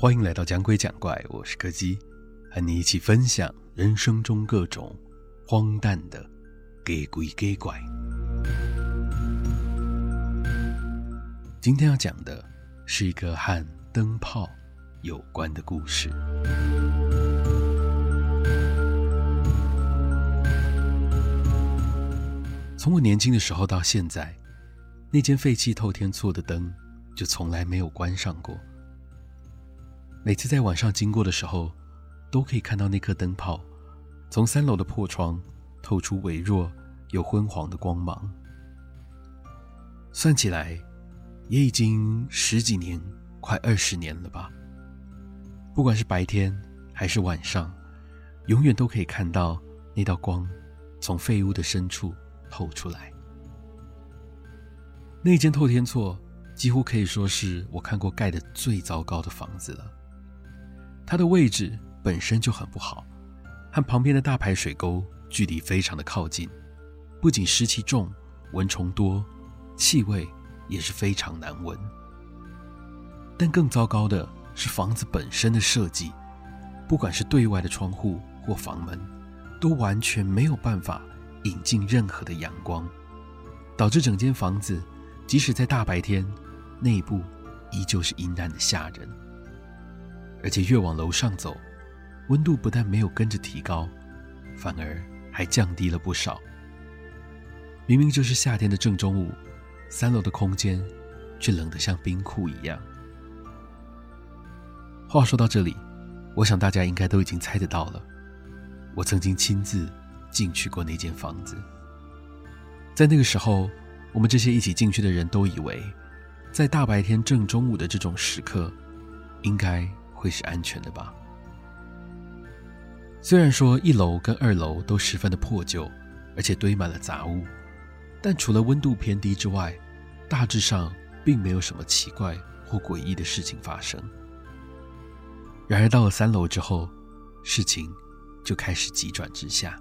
歡迎來到講鬼講怪，我是柯基，和你一起分享人生中各種荒誕的假鬼假怪。今天要講的是一個和燈泡有關的故事。從我年輕的時候到現在，那間廢棄透天厝的燈就從來沒有關上過。每次在晚上經過的時候，都可以看到那顆燈泡從三樓的破窗透出微弱又昏黃的光芒。算起來，也已經十幾年，快二十年了吧。不管是白天還是晚上，永遠都可以看到那道光從廢屋的深處透出來。那間透天厝幾乎可以說是我看過蓋的最糟糕的房子了。它的位置本身就很不好，和旁邊的大排水溝距離非常的靠近，不僅濕氣重、蚊蟲多，氣味也是非常難聞。但更糟糕的是房子本身的設計，不管是對外的窗戶或房門，都完全沒有辦法引進任何的陽光，導致整間房子，即使在大白天，內部依舊是陰暗的嚇人。而且越往樓上走，溫度不但沒有跟着提高，反而還降低了不少。明明就是夏天的正中午，三樓的空間卻冷得像冰庫一樣。話說到這裡，我想大家應該都已經猜得到了。我曾經親自進去過那間房子，在那個時候，我們這些一起進去的人都以為，在大白天正中午的這種時刻，應該會是安全的吧？雖然說一樓跟二樓都十分的破舊，而且堆滿了雜物，但除了溫度偏低之外，大致上並沒有什麼奇怪或詭異的事情發生。然而到了三樓之後，事情就開始急轉直下。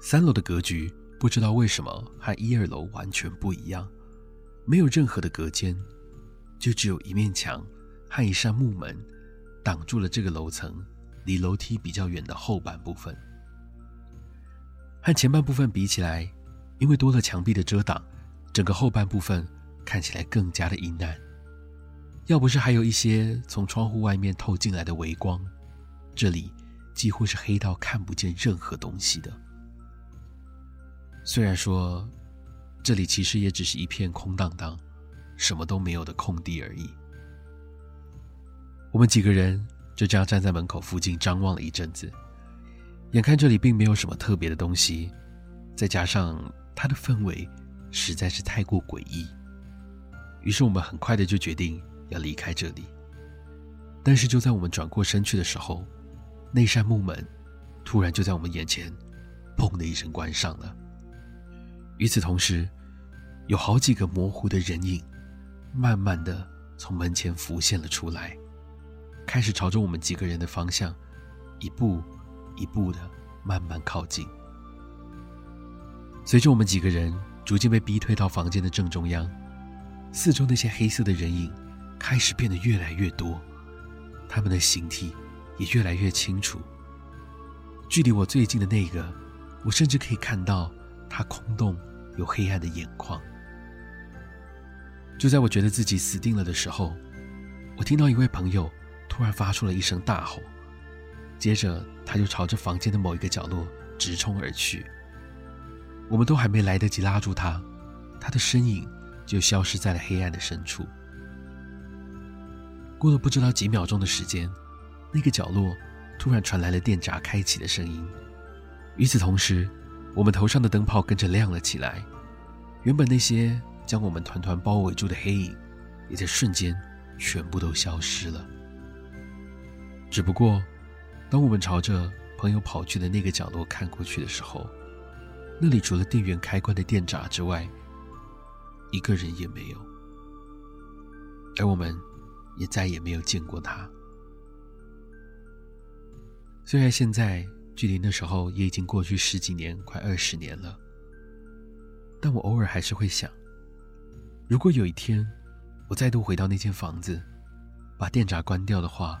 三樓的格局不知道為什麼和一二樓完全不一樣，沒有任何的隔間，就只有一面牆。和一扇木門擋住了這個樓層離樓梯比較遠的後半部分，和前半部分比起來，因為多了牆壁的遮擋，整個後半部分看起來更加的陰暗。要不是還有一些從窗戶外面透進來的微光，這裡幾乎是黑到看不見任何東西的。雖然說，這裡其實也只是一片空蕩蕩，什麼都沒有的空地而已。我們幾個人就這樣站在門口附近張望了一陣子，眼看這裡並沒有什麼特別的東西，再加上它的氛圍實在是太過詭異，於是我們很快的就決定要離開這裡。但是就在我們轉過身去的時候，那扇木門突然就在我們眼前“砰”的一聲關上了。與此同時，有好幾個模糊的人影慢慢的從門前浮現了出來。開始朝着我們幾個人的方向，一步一步的慢慢靠近。隨着我們幾個人逐漸被逼退到房間的正中央，四周那些黑色的人影開始變得越來越多，他們的形體也越來越清楚。距離我最近的那個，我甚至可以看到他空洞又黑暗的眼眶。就在我覺得自己死定了的時候，我聽到一位朋友，突然發出了一聲大吼，接着他就朝着房間的某一個角落直衝而去。我們都還沒來得及拉住他，他的身影就消失在了黑暗的深處。過了不知道幾秒鐘的時間，那個角落突然傳來了電閘開啟的聲音。與此同時，我們頭上的燈泡跟着亮了起來。原本那些將我們團團包圍住的黑影，也在瞬間全部都消失了。只不過，當我們朝着朋友跑去的那個角落看過去的時候，那裡除了電源開關的電閘之外，一個人也沒有。而我們也再也沒有見過他。雖然現在距離那時候也已經過去十幾年，快二十年了，但我偶爾還是會想，如果有一天我再度回到那間房子，把電閘關掉的話。